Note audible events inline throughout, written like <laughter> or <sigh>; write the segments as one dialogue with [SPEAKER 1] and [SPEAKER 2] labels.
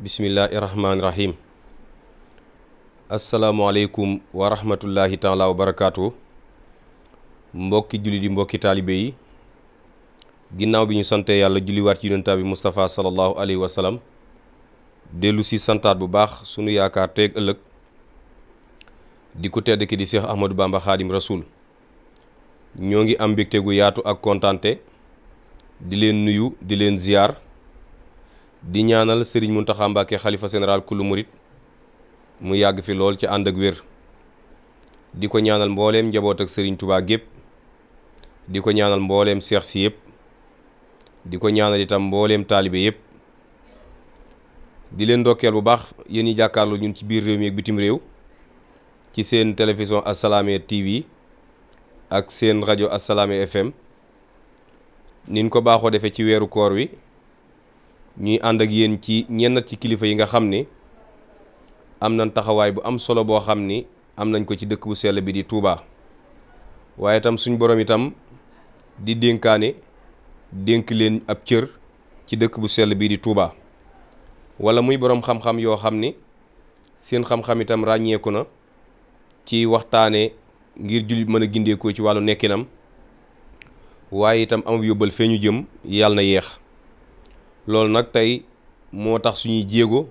[SPEAKER 1] bismillaahi rahmaani rahiim asalaamualeykum wa rahmatullahi taala wa mbokki julli di mbokki taalibe yi ginnaaw bi ñu sante yàlla julliwaat ci yonentaa bi Moustapha sallallahu alayhi wa sallam dellu si santaat bu baax sunu yaakaar teeg ëllëg di ko tedd ki di Cheikh Ahmadou Bamba Khadim Rasoul ñoo ngi am mbégte yaatu ak kontante di leen nuyu di leen ziyaar di ñaanal Serigne Mountakha Mbacké xalifa général kullu murit mu yàgg fi lool ci ànd ak wér di ko ñaanal mbooleem njaboot ak sëriñ Touba gépp di ko ñaanal mbooleem seex si yëpp di ko ñaanal itam mbooleem taalibe yëpp di leen ndokkeel bu baax yéen ñi jàkkaarloo ñun ci biir réew mi ak bitim réew ci seen télévision Assalaamy TV ak seen rajo Assalaamy FM nin ko baaxoo defee ci weeru koor wi ñuy ànd ak yéen ci ñenn ci kilifa yi nga xam ni am na taxawaay bu am solo boo xam ni am nañ ko ci dëkk bu sell bi di Touba waaye itam suñ borom itam di dénkaane dénk leen ab cër ci dëkk bu sell bii di Touba wala muy borom xam-xam yoo xam ni seen xam-xam itam ràññeeku na ci waxtaane ngir jullit mën a gindeekoo ci wàllu nekkinam waaye itam am yóbbal fee ñu jëm yàlla na yéex loolu nag tey moo tax suñuy jéego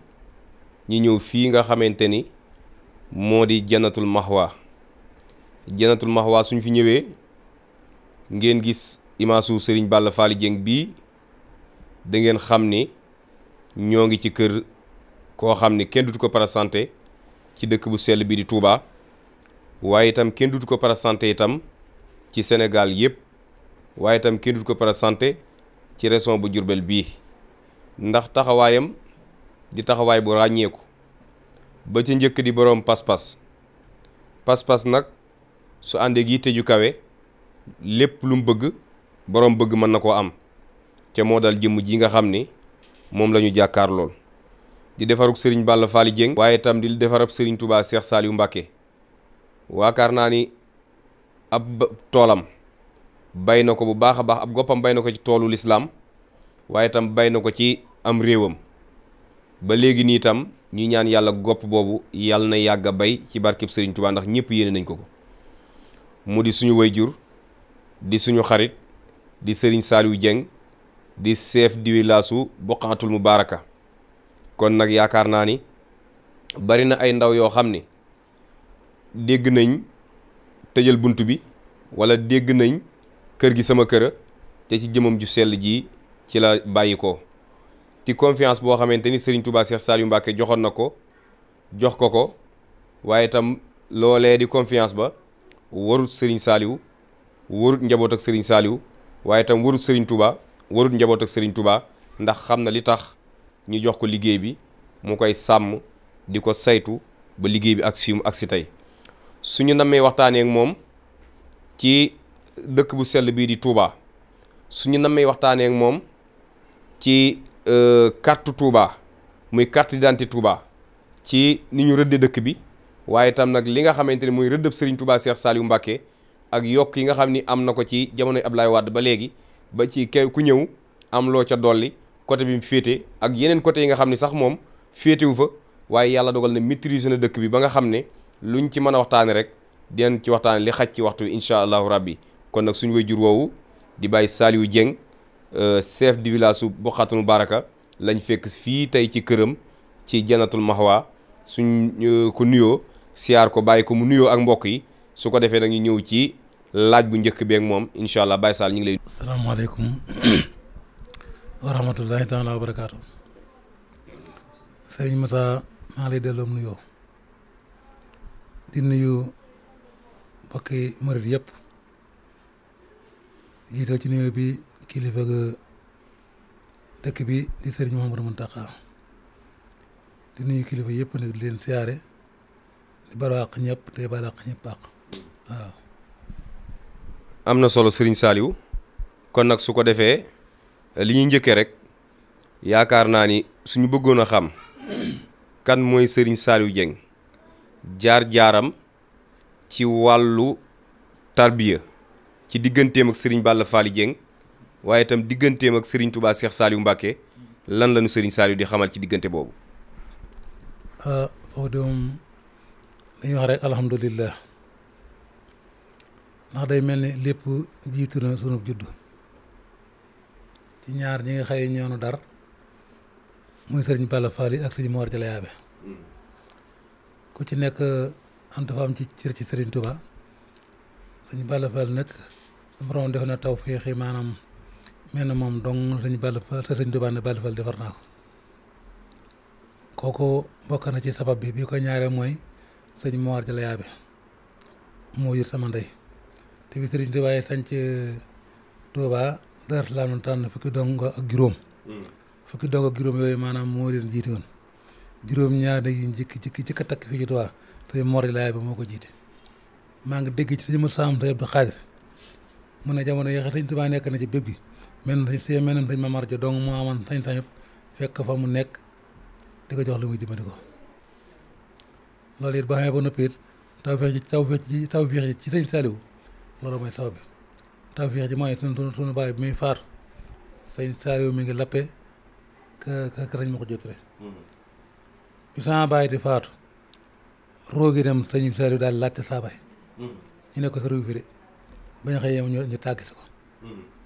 [SPEAKER 1] ñi ñëw fii nga xamante ni moo di janatul maxwa janatul maxwa suñu fi ñëwee ngeen gis imaasu Serigne Balla Fally Dieng bii dangeen xam ni ñoo ngi ci kër koo xam ni kenn dutu ko présenté ci dëkk bu sell bi di Touba waaye itam kenn dutu ko présenté itam ci senegal yëpp waaye itam kenn dutu ko présenté ci région bu Diourbel bii ndax taxawaayam di taxawaay bu ràññeeku ba ci njëkk di boroom pas-pas pas-pas nag su àndee ak yitte ju kawe lépp lum bëgg boroom bëgg mën na koo am ca moo dal jëmm ji nga xam ni moom la ñu jàkkaar lool di defaruk sëriñ Balla Fally Dieng waaye itam di defarab sëriñ Touba Cheikh Saliou Mbacké waakaar naa ni ab toolam bay na ko bu baax a baax ab goppam bay na ko ci toolu lislaam waaye itam bay na ko ci am réewam ba léegi nii tam ñuy ñaan yàlla gopp boobu yàlla na yàgg a bay ci barkeb Serigne Touba ndax ñëpp yéene nañ ko ko mu di suñu jur di suñu xarit di Serigne Saliou Dieng di chef du village u Boqaatul kon nag yaakaar naa ni bari na ay ndaw yoo xam ni dégg nañ tëjal bunt bi wala dégg nañ kër gi sama këra te ci jëmam ju sell ji ci la bàyyi ko ci confiance boo xamante ni Serigne Touba Cheikh Saliou Mbacké joxoon na ko jox ko ko waaye itam loolee di confiance ba warut sëriñ saaliw warut njaboot ak Serigne waaye itam warut sëriñ Touba warut njaboot ak Serigne Touba ndax xam na li tax ñu jox ko liggéey bi mu koy sàmm di ko saytu ba liggéey bi ak mu ak si tey suñu nammee waxtaanee ak moom ci dëkk bu sell bii di tuubaa su nammee waxtaanee ak moom ci Euh, carte Touba muy carte d'identité Touba ci ni ñu rëddee dëkk bi waaye tam nag li nga xamante ni muy rëddëb Serigne Touba Cheikh Saliou Mbacké ak yokk yi nga xam ni am na ko ci jamonoy laay wàdd ba léegi ba ci kenn ku ñëw am loo ca dolli côté bi mu féete ak yeneen côté yi nga xam ni sax moom féetewu fa waaye yàlla dogal na maîtriser na dëkk bi ba nga xam ne lu luñ ci mën a waxtaane rek dinañ ci waxtaane li xaj ci waxtu wi incha allahu rabbi kon nag suñu wayjur woowu di bàyyi Saliou Dieng Euh, chef du village su mu Baraka lañ fekk fii tey ci këram ci janatul mahwa suñ euh, ko nuyoo siyaar ko bàyyi ko mu nuyoo ak mbokk yi su ko defee nag ñu ñëw ci laaj bu njëkk beek moom incha allah Baye Sall ñu ngi lay. salaamaaleykum
[SPEAKER 2] <coughs> wa rahmatullahi taala wa barakaatu. Sëriñ Mata maa lay nuyoo di nuyu mbokki murit yëpp ci nuyoo bi. kilifa ga dëkk bi di sëriñ Mouhamadou Mountakha di nuyu kilifa yëpp nag di leen siyaare di baraax ñëpp te baraax ñëpp àq waaw.
[SPEAKER 1] am na solo sëriñ Saliou kon nag su ko defee li ñuy njëkkee rek yaakaar naa ni suñu bëggoon a xam <clears throat> kan mooy sëriñ Saliou Dieng jaar-jaaram ci wàllu tarbiya ci digganteem ak sëriñ Balla Fally Dieng. waaye itam digganteem ak sëriñ tubaa Cheikh Saliou Mbacké lan lañu Serigne Saliou di xamal ci diggante boobu.
[SPEAKER 2] ah foofu doom dañuy wax rek alhamdulilah ndax day mel ni lépp jiitu na sunu juddu ci ñaar ñi nga xay ñoonu dar muy sëriñ Balla Fally ak Serigne Mor Jalla Yaabe ku ci nekk am dafa am ci cër ci Serigne Touba Serigne Balla Fally nag borom def na taw yi maanaam. mel na moom dong sëñ Balla Fall te sëñ Tuubaa ne Balla Fall defar naa ko kooku bokk na ci sabab bi bi ko ñaareel mooy sëñ Mor Jalla Yaabe moo yër sama ndey te bi sëriñ Tuubaa yi sanc Tuubaa Daaru Salaam la tànn fukki dongo ak juróom hmm. fukki dongo ak juróom yooyu maanaam moo leen jiite woon juróom ñaar yi njëkk jëkk jëkk a takk fii ci Tuubaa sëñ Mor Jalla Yaabe moo ko jiite maa ngi dégg ci sëñ Moussa Abdou Khadir mu ne jamono yi sëñ Tuubaa nekk na ci bépp bi mel na see mel na sëñ Mamar Ja dong mu amoon sañ-sañu fekk fa mu nekk di ko jox lu muy dimbali ko loolu it boo xamee ba noppi it tawfeex ci sëñ Saliou loolu mooy saw bi tawfeex yi mooy sunu sunu sunu baay bi muy faatu sëñ Saliou mi ngi lappe ka ka sëñ ma ko jotale bi sama baay di faatu roogi dem sëñ Saliou daal laajte saa baay mm-hmm. ñu ne ko sa ruufi de bañ xëyee ñu tàggati ko
[SPEAKER 1] mm-hmm.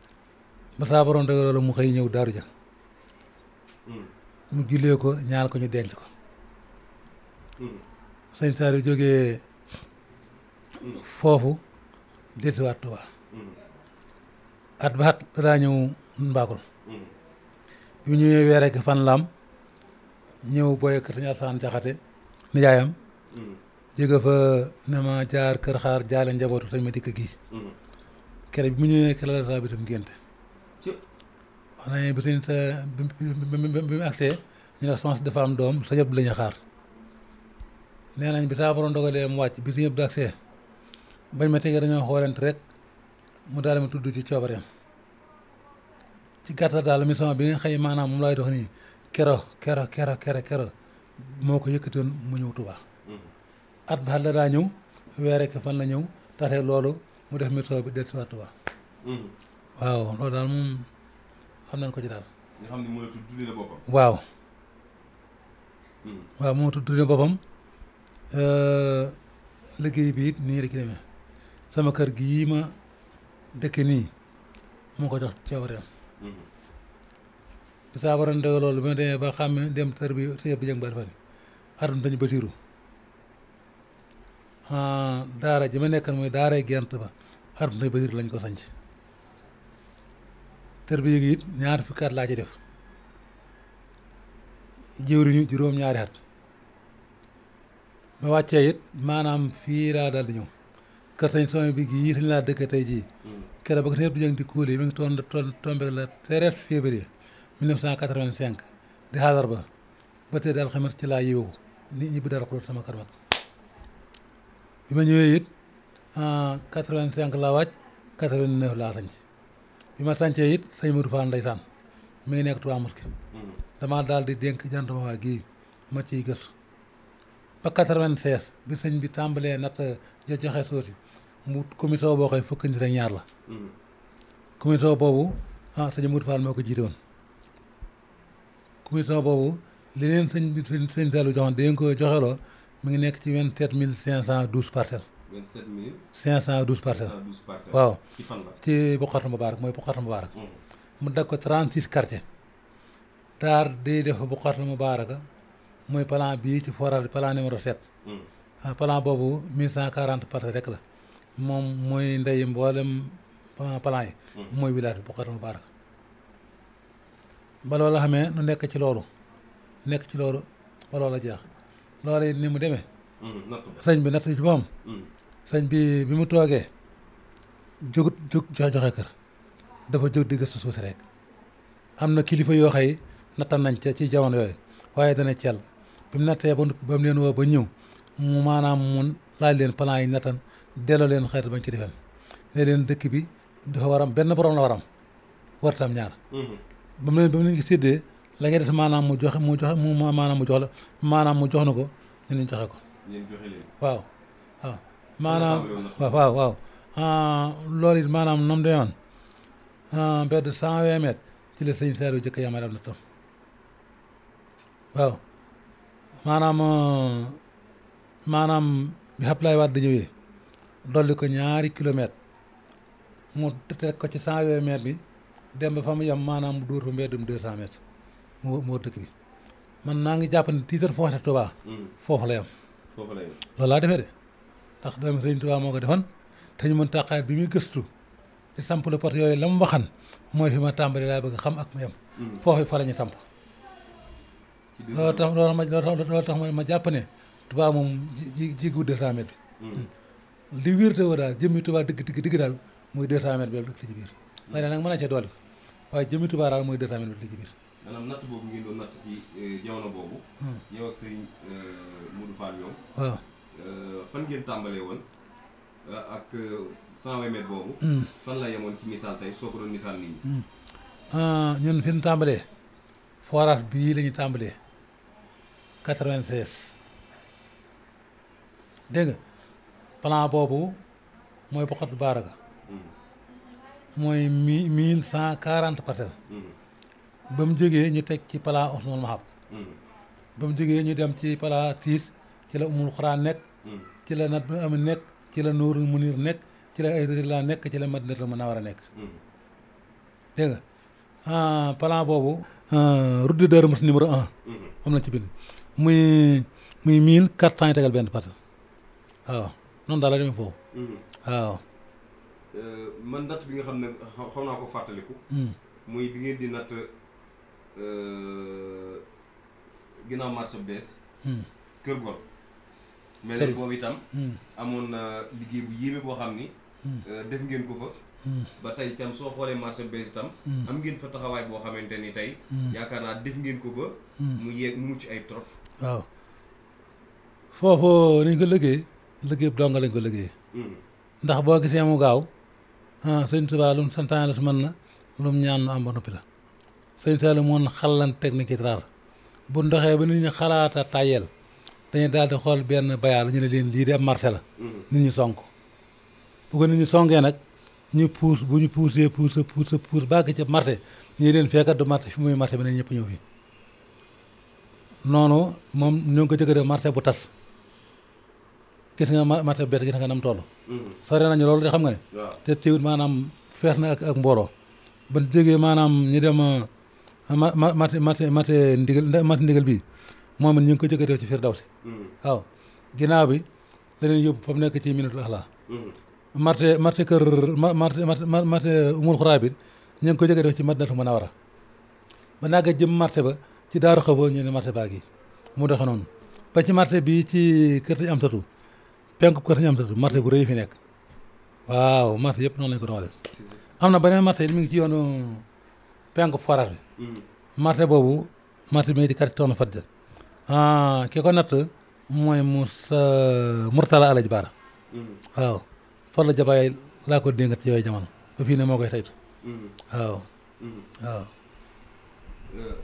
[SPEAKER 2] ba saa borom loolu mu xëy ñëw daaru ja mu jullee ko ñaan ko ñu denc ko sëñ Saaliw jógee foofu delluwaat Tuubaa at ba at daa ñëw mbaakul bi mu ñëwee weer rek fan laam ñëw booy kër sañ Alasaan Jaxate nijaayam jóge fa ne ma jaar kër xaar jaale njabootu sañ ma dikk gii kere bi mu ñëwee kër la daa ngénte wax nañu ne bitim sa bi mu agsee ñu ne soxna si dafa am doom sa yëpp la ñu xaar nee nañ bi saa borom dogalee wàcc bi si yëpp di agsee bañ ma tegee dañoo xoolante rek mu daal ma tudd ci coobareem ci gàttal daal mission bi nga xëy maanaam moom laay dox nii kero kero kero kero kero moo ko yëkkatoon mu ñëw Tuubaa mm-hmm. at ba la daa ñëw weer rek fan la ñëw taxee loolu mu def mission bi dellusiwaat Tuubaa mm-hmm. waaw loolu daal moom xam nañ ko ci
[SPEAKER 1] daal. nga xam boppam. waaw.
[SPEAKER 2] Hmm. waaw moo boppam euh, liggéey biit it nii rek demee sama kër gii ma dëkk nii mu ko jox coobareem. Hmm. bu saa waroon dëgg bi ma ba xam ne dem tër bi te di jàng ba dafa ni atum dañu batiiru ah, daara ji ma nekkan mooy daaray gent ba atum dañu batiiru lañ ko sanc tarbiya gi it ñaar fukki at laa ci def jëwriñu juróom-ñaari at ma wàccee it maanaam fii laa daal di ñëw kër sañ soome bi gii sañ laa dëkk tey jii hmm. keroog ba ko seet du jëng di kuule mi ngi toon tombé la treize février 1985 di xaadar ba ba tey daal xamat ci laa yeewu nit ñi bi dara sama kër mag bi ma ñëwee it 85 ah, laa wàcc 89 laa sañ ci bi ma sàncee it sëñ Modou Fall ndeysaan mi ngi nekk Touba Mosquée mm-hmm. damaa daal di dénk jantuma waa gii ma ciy gëstu ba 96 bi sëñ bi tàmbalee nat eh, joxe sooti mu commission boo koy fukki nit ak ñaar la mm-hmm. commission boobu ah sëñ Modou Fall moo ko jiite woon commission boobu li leen sëñ bi sëñ sëñ Sallou joxoon da ngeen ko joxeloo mi ngi nekk ci 27 512 parcelles 27 mille. 512 parcelles 512 parcelles. waaw ci fan la ci Bokkatul Moubarak mooy Bokkatul Moubarak. Mm. mu dagg ko 36 quartiers. daar day def Bokkatul Moubarak mooy plan bii ci forage plan numéro 7. Mm. ah plan boobu 1140 parcelles rek la. moom mooy ndey mboolem plan yi. Mm. mooy village bi Bokkatul Moubarak. ba loolu xamee nu nekk ci loolu. nekk ci loolu ba loola jeex. loolu it ni mu demee. sëñ bi natt ci boppam. sëñ bi bi mu toogee jógut jóg joxe kër dafa jóg di gëstu suuf si rek am na kilifa yoo xëy nattan nañ ca ci jamono yooyu waaye dana cel bi mu nattee ba ba mu leen woo ba ñëw mu maanaam leen plan yi nattan delloo leen xeet bañ ci defal leen dëkk bi dafa waram benn boroom la waram wartam ñaar. Mm-hmm. ba mu leen ba mu leen séddee la ngay def maanaam mu joxe mu mu maanaam mu jox la maanaam mu jox na ko ñu joxe ko.
[SPEAKER 1] ñu waaw
[SPEAKER 2] waaw. maanaam waaw waaw ah, maanaam nam de yoon ah, mbedd cent vingt mètres ci la sëñ Saliou jëkk yamale am na tam waaw maanaam ah, maanaam bi Abdoulaye Wade ñëwee dolli ko ñaari kilomètre mu teg ko ci cent vingt mètres bi dem ba fa mu yem maanaam mu dóor fa mbeddum deux cent mètres moo moo dëkk bi man naa ngi jàpp ne titre hmm. de ndax doomi sëriñ Tuubaa moo ko defoon te ñu mën taqaay bi muy gëstu di samp la pot yooyu la waxan mooy fi ma tàmbali laa bëgg xam ak mu yem mm. foofu fa la samp loolu tax ma jàpp ne Tuubaa moom ji jigu deux cent mètres bi mm. li wér te woo daal jëmmi Tuubaa dëgg dëgg daal muy deux cent bi dëgg ci biir xëy na nag mën na ca doole waaye jëmmi Tuubaa daal muy deux cent mètres bi dëgg ci biir
[SPEAKER 1] maanaam natt boobu ngeen doon natt ci eh, jamono boobu ñëw mm. ak sëriñ eh, Modou Fall ñoom waaw Euh, fan ngeen tàmbalee woon euh, ak 120 euh, mètres boobu. Hmm. fan la yemoon ci misaal tey soo ko doon misaal nit ñi.
[SPEAKER 2] Hmm. ñun fi tàmbalee forage bii la ñu tàmbalee 96 dégg nga plan boobu mooy bokkatu baaraga. Hmm. mooy mi mille cent quarante parcelles. ba mu jógee ñu teg ci plan Ousmane Mahab. ba mu jógee ñu dem ci plan Tiis. ci la umul xuraan hmm. nekk ci la nat am nekk ci la nuurul munir nekk ci la aydurilla nekk ci la madinatul munawara nekk hmm. dégg nga ah, plan boobu ah, route de Darou Mouhty numéro un hmm. moom lañ ci bind muy muy mille quatre tegal benn euh, bi nga
[SPEAKER 1] xam ne xaw naa fàttaliku muy bi ngeen di natt euh, ginnaaw marché bees kër gor mais nag boobu itam hmm. amoon na liggéey bu yéeme boo xam ni hmm. euh, def ngeen ko fa hmm. ba tey itam soo xoolee marché bees itam am ngeen fa taxawaay boo xamante ni tey yaakaar naa def ngeen ko ba mu yeeg mu mucc ay trop
[SPEAKER 2] waaw foofu nañ ko liggéey liggéey bu donga lañ ko liggéey ndax boo gisee mu gaaw ah, sëñ Tuubaa lu mu santaane su mën na lu mu ñaan nu am ba noppi la sëñ Saalum moon xalan technique yi raar bu ndoxee ba nit ñi xalaata tayel dañuy daal di xool benn bayaal ñu ne leen lii di ab marché la. Mm-hmm. nit ñi sonk bu ko nit ñi songee nag ñu puus bu ñu puusee puus puus puus ba ca marché ñu leen fekkat du marché fi muy marché bi ne ñëpp ñëw fi noonu moom ñoo ngi ko jëkkëre marché bu tas gis nga marché bu bett gis nga nam toll. Mm-hmm. sore nañu loolu de xam nga ne. te teewut maanaam fees na ak ak mbooloo. ba jógee maanaam ñu dem ma ma marché marché marché ndigal marché ndigal bii. moom it ñu ngi ko jëkkatee ci Firdawsi mm-hmm. waaw ginnaaw bi la leen yóbbu fa mu nekk ci Minatul Axlaa mm-hmm. marte marte kër marte marte umul xuraabit ñu ngi ko jëkkatee ci Madinatu Munawara ba naaga jëm marte ba ci Daaru Xaboor ñu ne marte baa gi mu doxe noonu ba ci marte bi ci kër am tatu penku kër Sëñ Amsatu marte bu rëy fi nekk waaw marte yëpp noonu lañ ko doxalee am na beneen marte mi ngi ci yoonu penku forat bi mm-hmm. marte boobu marte bi ngi ci quartier Tonn Fadja ah ki ko natt mooy Moussa Moursala Alaaji Baara. la mm-hmm. Fodla Jabaay laa ko déngat ci yooyu jamono ba fii ne moo koy taytu. Mm-hmm. waaw mm-hmm. waaw.